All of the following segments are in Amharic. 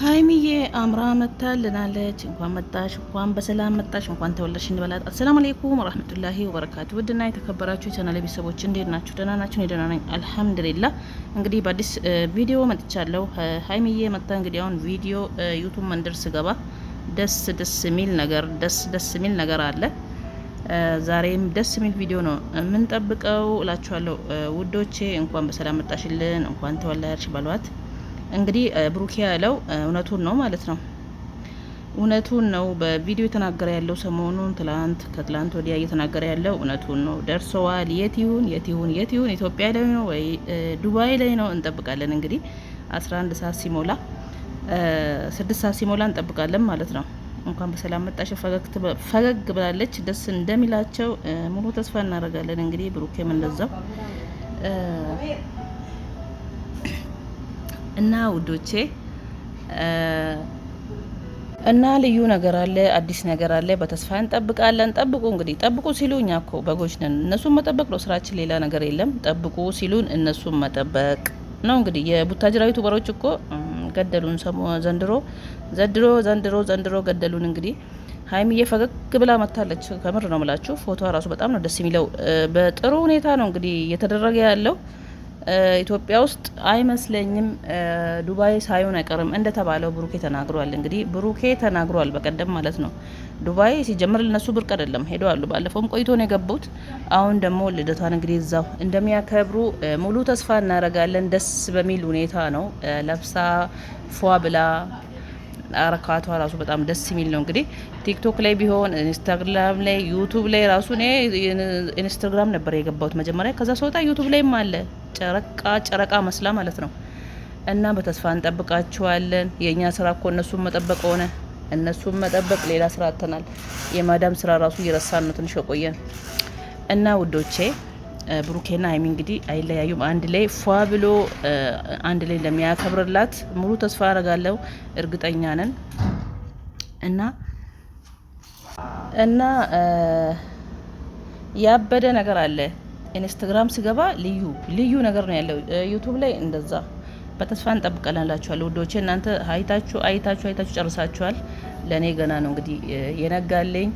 ሀይሚዬ አምራ መታልናለች። እንኳን መጣሽ፣ እንኳን በሰላም መጣሽ፣ እንኳን ተወለድሽ እንበላት። አሰላሙ አለይኩም ወራህመቱላሂ ወበረካቱ። ውድና የተከበራችሁ የቻናል ቤተሰቦች እንዴት ናችሁ? ደህና ናችሁ? እኔ ደህና ነኝ አልሐምዱሊላ። እንግዲህ በአዲስ ቪዲዮ መጥቻለሁ። ሀይሚዬ መታ እንግዲህ አሁን ቪዲዮ ዩቱብ መንደር ስገባ ደስ ደስ የሚል ነገር ደስ ደስ የሚል ነገር አለ። ዛሬም ደስ የሚል ቪዲዮ ነው የምንጠብቀው እላችኋለሁ ውዶቼ። እንኳን በሰላም መጣሽልን፣ እንኳን ተወለድሽ በሏት እንግዲህ ብሩኬ ያለው እውነቱን ነው ማለት ነው። እውነቱን ነው በቪዲዮ የተናገረ ያለው ሰሞኑን፣ ትላንት ከትላንት ወዲያ እየተናገረ ያለው እውነቱን ነው። ደርሰዋል። የት ይሁን የት ይሁን የት ይሁን ኢትዮጵያ ላይ ነው ወይ ዱባይ ላይ ነው? እንጠብቃለን እንግዲህ 11 ሰዓት ሲሞላ ስድስት ሰዓት ሲሞላ እንጠብቃለን ማለት ነው። እንኳን በሰላም መጣሽ ፈገግ ብላለች። ደስ እንደሚላቸው ሙሉ ተስፋ እናደርጋለን። እንግዲህ ብሩኬም እንደዛው እና ውዶቼ እና ልዩ ነገር አለ፣ አዲስ ነገር አለ። በተስፋ እንጠብቃለን። ጠብቁ እንግዲህ ጠብቁ ሲሉ እኛ ኮ በጎች ነን። እነሱን መጠበቅ ነው ስራችን፣ ሌላ ነገር የለም። ጠብቁ ሲሉን እነሱን መጠበቅ ነው እንግዲህ። የቡታጅራዊ ቱበሮች እኮ ገደሉን ዘንድሮ ዘንድሮ ዘንድሮ ዘንድሮ ገደሉን። እንግዲህ ሀይሚዬ ፈገግ ብላ መታለች። ከምር ነው ምላችሁ ፎቶ ራሱ በጣም ነው ደስ የሚለው። በጥሩ ሁኔታ ነው እንግዲህ እየተደረገ ያለው ኢትዮጵያ ውስጥ አይመስለኝም። ዱባይ ሳይሆን አይቀርም እንደተባለው ብሩኬ ተናግሯል። እንግዲህ ብሩኬ ተናግሯል በቀደም ማለት ነው። ዱባይ ሲጀምር ለነሱ ብርቅ አይደለም፣ ሄደው አሉ። ባለፈውም ቆይቶ ነው የገቡት። አሁን ደግሞ ልደቷን እንግዲህ እዛው እንደሚያከብሩ ሙሉ ተስፋ እናደርጋለን። ደስ በሚል ሁኔታ ነው ለብሳ ፏ ብላ አረካቷ ራሱ በጣም ደስ የሚል ነው። እንግዲህ ቲክቶክ ላይ ቢሆን ኢንስታግራም ላይ ዩቱብ ላይ ራሱ እኔ ኢንስታግራም ነበር የገባሁት መጀመሪያ። ከዛ ሰውጣ ዩቱብ ላይም አለ ጨረቃ ጨረቃ መስላ ማለት ነው። እና በተስፋ እንጠብቃችኋለን። የእኛ ስራ እኮ እነሱን መጠበቅ ሆነ እነሱን መጠበቅ ሌላ ስራ አጥተናል። የማዳም ስራ ራሱ እየረሳን ነው ትንሽ እና ውዶቼ ብሩኬና ሀይሚ እንግዲህ አይለያዩም። አንድ ላይ ፏ ብሎ አንድ ላይ ለሚያከብርላት ሙሉ ተስፋ አደርጋለሁ፣ እርግጠኛ ነን እና እና ያበደ ነገር አለ። ኢንስታግራም ስገባ ልዩ ልዩ ነገር ነው ያለው። ዩቱብ ላይ እንደዛ በተስፋ እንጠብቀላላችኋል ውዶቼ። እናንተ አይታችሁ አይታችሁ አይታችሁ ጨርሳችኋል። ለእኔ ገና ነው እንግዲህ የነጋለኝ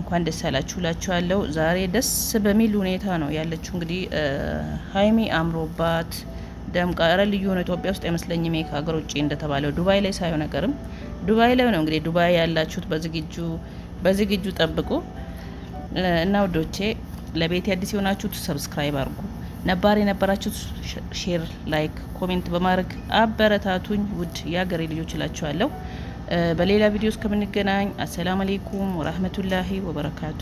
እንኳን ደስ ያላችሁ ላችኋለሁ። ዛሬ ደስ በሚል ሁኔታ ነው ያለችው። እንግዲህ ሀይሚ አምሮባት ደምቃ፣ ኧረ ልዩ ሆነ ኢትዮጵያ ውስጥ አይመስለኝም ይሄ ከሀገር ውጭ እንደተባለው ዱባይ ላይ ሳይሆን ነገርም። ዱባይ ላይ ነው እንግዲህ ዱባይ ያላችሁት በዝግጁ በዝግጁ ጠብቁ እና ውዶቼ፣ ለቤት አዲስ የሆናችሁት ሰብስክራይብ አድርጉ፣ ነባር የነበራችሁት ሼር፣ ላይክ፣ ኮሜንት በማድረግ አበረታቱኝ። ውድ የሀገሬ ልጆች እላችኋለሁ። በሌላ ቪዲዮ እስከምንገናኝ አሰላም አሌይኩም ወራህመቱላሂ ወበረካቱ።